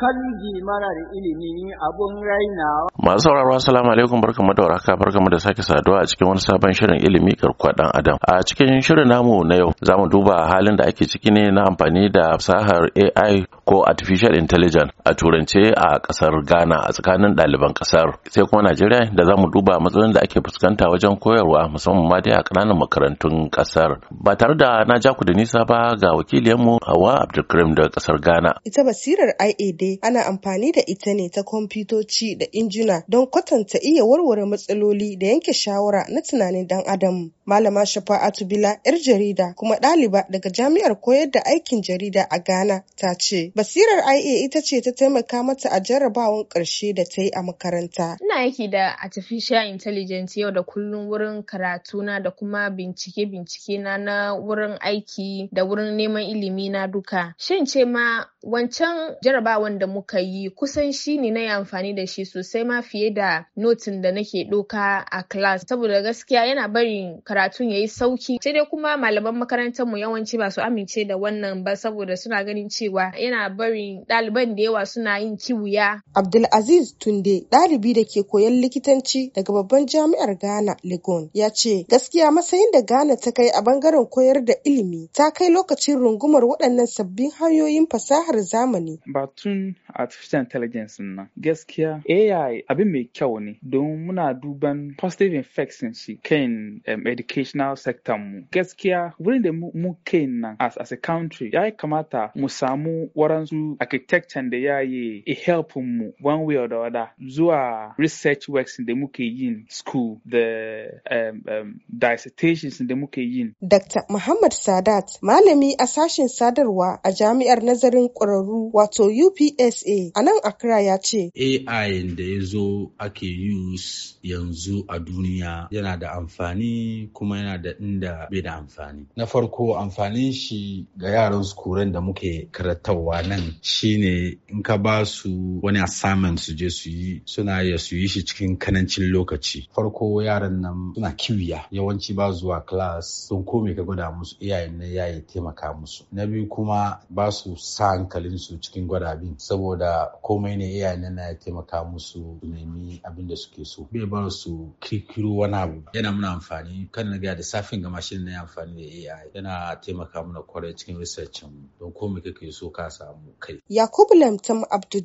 kanji mara da ilimi abun rainawa. Masu sauraro assalamu alaikum barkamu da warhaka barkamu da sake saduwa a cikin wani sabon shirin ilimi garkuwa dan adam. A cikin shirin namu na yau za mu duba halin da ake ciki ne na amfani da fasahar AI ko artificial intelligence a turance a kasar Ghana a tsakanin ɗaliban kasar. Sai kuma Najeriya da za mu duba matsalolin da ake fuskanta wajen koyarwa musamman ma dai a ƙananan makarantun kasar. Ba tare da na ja ku da nisa ba ga wakiliyanmu Hawa Abdulkarim daga kasar Ghana. Ita basirar IAD dai ana amfani da ita ne ta kwamfutoci da injuna don kwatanta iya warware matsaloli da yanke shawara na tunanin dan adam. Malama Shafa'atu Bila yar jarida kuma ɗaliba daga jami'ar koyar da aikin jarida a Ghana ta ce basirar IA ita ce ta taimaka mata a jarrabawan ƙarshe da ta yi a makaranta. Ina aiki da artificial intelligence yau da kullum wurin karatuna da kuma bincike-bincike na na wurin aiki da wurin neman ilimi na duka. Shin ce ma wancan jarrabawan da muka yi kusan shi ne na amfani da shi sosai ma fiye da notin da nake ɗoka a class saboda gaskiya yana barin karatun yi sauki sai dai kuma malaman makarantar mu yawanci ba su amince da wannan ba saboda suna ganin cewa yana barin ɗaliban da yawa suna yin kiwuya. Abdulaziz Tunde ɗalibi da ke koyon likitanci daga babban jami'ar Ghana Legon ya ce gaskiya masayin da Ghana ta kai a bangaren koyar da ilimi ta kai lokacin rungumar waɗannan sabbin hanyoyin fasahar zamani. Batun artificial intelligence na gaskiya AI abin mai kyau ne don muna duban positive infection" shi kan um, educational sector mu gaskiya wurin da mu nan as, a country ya kamata mu samu waransu architecture da ya yi a help mu one way or the other zuwa research works da muke yin school da um, um, dissertations da muke yin Dr. Muhammad Sadat malami a sashen sadarwa a jami'ar nazarin ƙwararru wato UPSA a nan Accra ya ce AI da ya zo ake use yanzu a duniya yana da amfani kuma yana da inda bai da amfani na farko amfanin shi ga yaran sukuren da muke karatarwa nan shine in ka ba su wani assignment su je su yi suna ya su yi shi cikin kanancin lokaci farko yaran nan suna kiwiya yawanci ba zuwa class sun kome ka gwada musu iyayen na yayi taimaka musu na biyu kuma ba su sa hankalin su cikin gwada bin saboda komai ne iyayen na ya taimaka musu su nemi abin da suke so bai ba su kirkiro wani abu yana muna amfani kan na da safin ga mashin ne amfani da AI yana taimaka mana kwarai cikin researchin mu don ko me kake so ka samu kai. Yakubu Lamtam Abdul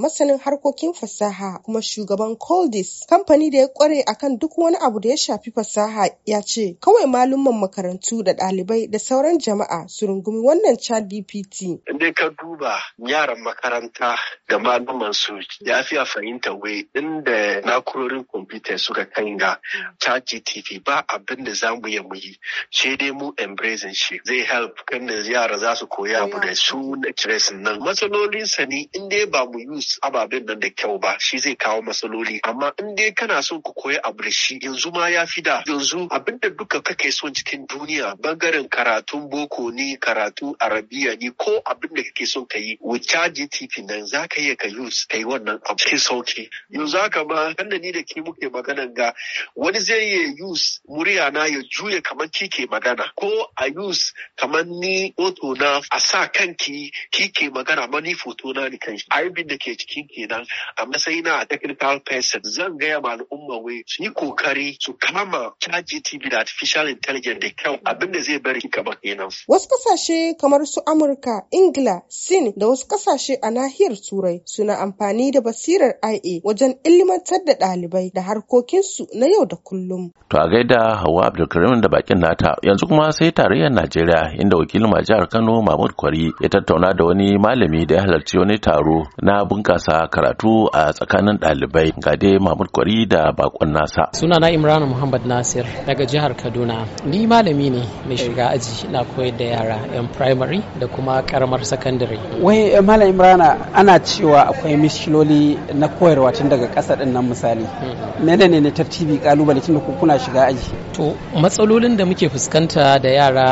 masanin harkokin fasaha kuma shugaban Coldis kamfani da ya kware akan duk wani abu da ya shafi fasaha ya ce kawai malumman makarantu da ɗalibai da sauran jama'a su rungumi wannan chat GPT. Inda ka duba yaran makaranta da malumman su ya fi a fahimta wai inda na'urorin kwamfuta suka kanga chat GPT ba abin da za mu yi mu yi shi dai mu embracing shi zai help kan da yara za su koya abu da su na tresin nan matsalolin sa ne in dai ba mu use ababen nan da kyau ba shi zai kawo matsaloli amma in dai kana son ku koya abu da shi yanzu ma ya fi da yanzu abin da duka kake son cikin duniya bangaren karatun boko ne karatu arabiya ne ko abin da kake son ka yi with ChatGPT nan za ka iya ka use ka yi wannan abu cikin sauki yanzu haka ma kan da ni da ke muke maganan ga wani zai yi use murya na ya juya kamar kike magana ko a use kamar ni foto na a sa kanki kike magana ma ni foto na ni kanshi yi da ke cikin kenan a matsayin na technical person zan gaya ma al'umma wai su yi kokari su kama ChatGPT da artificial intelligence da kyau abin da zai bari kamar kenan wasu kasashe kamar su Amurka Ingila Sin da wasu kasashe a nahiyar Turai suna amfani da basirar IA wajen ilimantar da ɗalibai da harkokinsu na yau da kullum. To a gaida Hawa Halima Abdulkarim da bakin nata yanzu kuma sai tarayyar Najeriya inda wakilin ma jihar Kano Mahmud Kwari ya tattauna da wani malami da ya halarci wani taro na bunkasa karatu a tsakanin ɗalibai ga dai Mahmud Kwari da bakon nasa. Sunana Imran Muhammad Nasir daga jihar Kaduna. Ni malami ne mai shiga aji na koyar da yara yan primary da kuma karamar secondary. Wai eh, Malam Imrana ana cewa akwai miskiloli na koyarwa tun daga ƙasa ɗin nan misali. Hmm. Menene ne tartibi kalubale tun da kuna shiga aji? to matsalolin da muke fuskanta da yara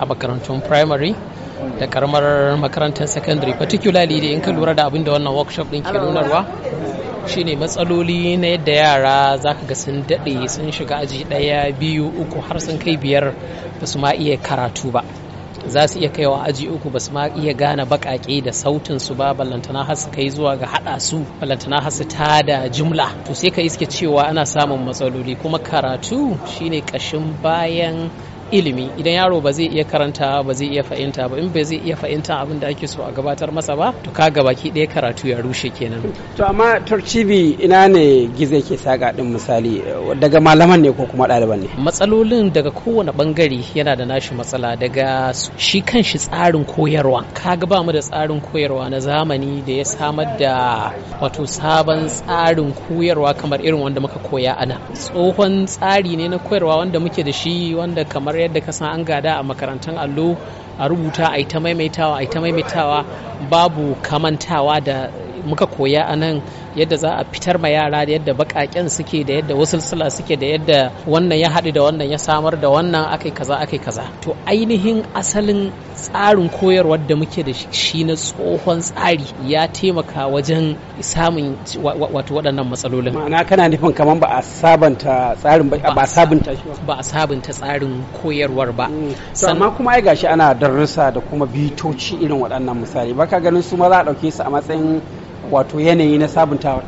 a makarantun primary da karamar makarantar secondary particularly da in ka lura da abin da wannan workshop din ke nunarwa shine matsaloli na yadda yara za ka ga sun daɗe sun shiga aji ɗaya biyu uku har sun kai biyar ba su ma iya karatu ba za su iya kaiwa aji uku ba su ma iya gane baƙaƙe da sautin su ba ballantana har su kai zuwa ga haɗa su ballantana har su da jumla to sai ka iske cewa ana samun matsaloli kuma karatu shine ƙashin bayan ilimi idan yaro ba zai iya karanta ba zai iya fahimta ba in ba zai iya fahimta abin da ake so a gabatar masa ba to ka baki ɗaya karatu ya rushe kenan to amma turcibi ina ne gizo ke saka din misali daga malaman ne ko kuma ɗaliban ne matsalolin daga kowane bangare yana da nashi matsala daga shi kan shi tsarin koyarwa Ka ga ba mu da tsarin koyarwa na zamani da ya samar da wato sabon tsarin koyarwa kamar irin wanda muka koya ana tsohon tsari ne na koyarwa wanda muke da shi wanda kamar yadda ka san an gada a makarantar allo a rubuta a yi maimaitawa a yi ta maimaitawa babu kamantawa da muka koya a nan yadda za a fitar ma yara da yadda bakaken suke da yadda wasulsula suke da yadda wannan ya haɗu da wannan ya samar da wannan akai kaza akai kaza to ainihin asalin tsarin koyarwar da muke da shi na tsohon tsari ya taimaka wajen samun wato waɗannan matsalolin ma'ana kana nufin kamar ba a sabanta tsarin ba a sabunta shi ba a sabunta tsarin koyarwar ba hmm. amma kuma ai gashi ana darussa da kuma bitoci irin waɗannan misali baka ganin su ma za a ɗauke su a matsayin wato yanayi na sabuntawa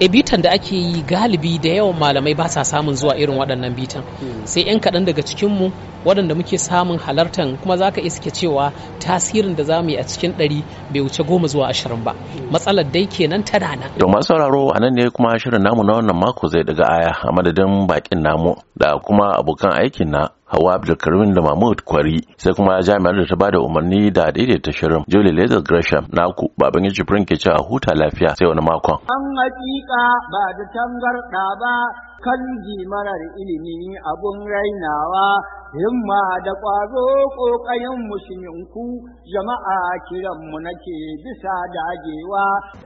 e bitan da ake yi galibi da yawan malamai ba sa samun zuwa irin waɗannan bitan hmm. sai 'yan kaɗan daga cikinmu waɗanda muke samun halartan kuma za ka iske cewa tasirin da za mu yi a cikin ɗari bai wuce goma zuwa ashirin ba hmm. matsalar dai kenan ta rana to masu sauraro a nan ne kuma shirin namu na wannan mako zai daga aya a madadin bakin namu da kuma abokan aikin na Hawa Abdulkarim da Mahmud Kwari sai kuma jami'ar da ta bada umarni da ta shirin Julie Lazar Gresham naku baban yaji ke cewa huta lafiya sai wani makon. An hakika ba da tangarda ba kan marar ilimi abun rainawa himma da ƙwazo ƙoƙayen musulminku jama'a kiranmu nake bisa dagewa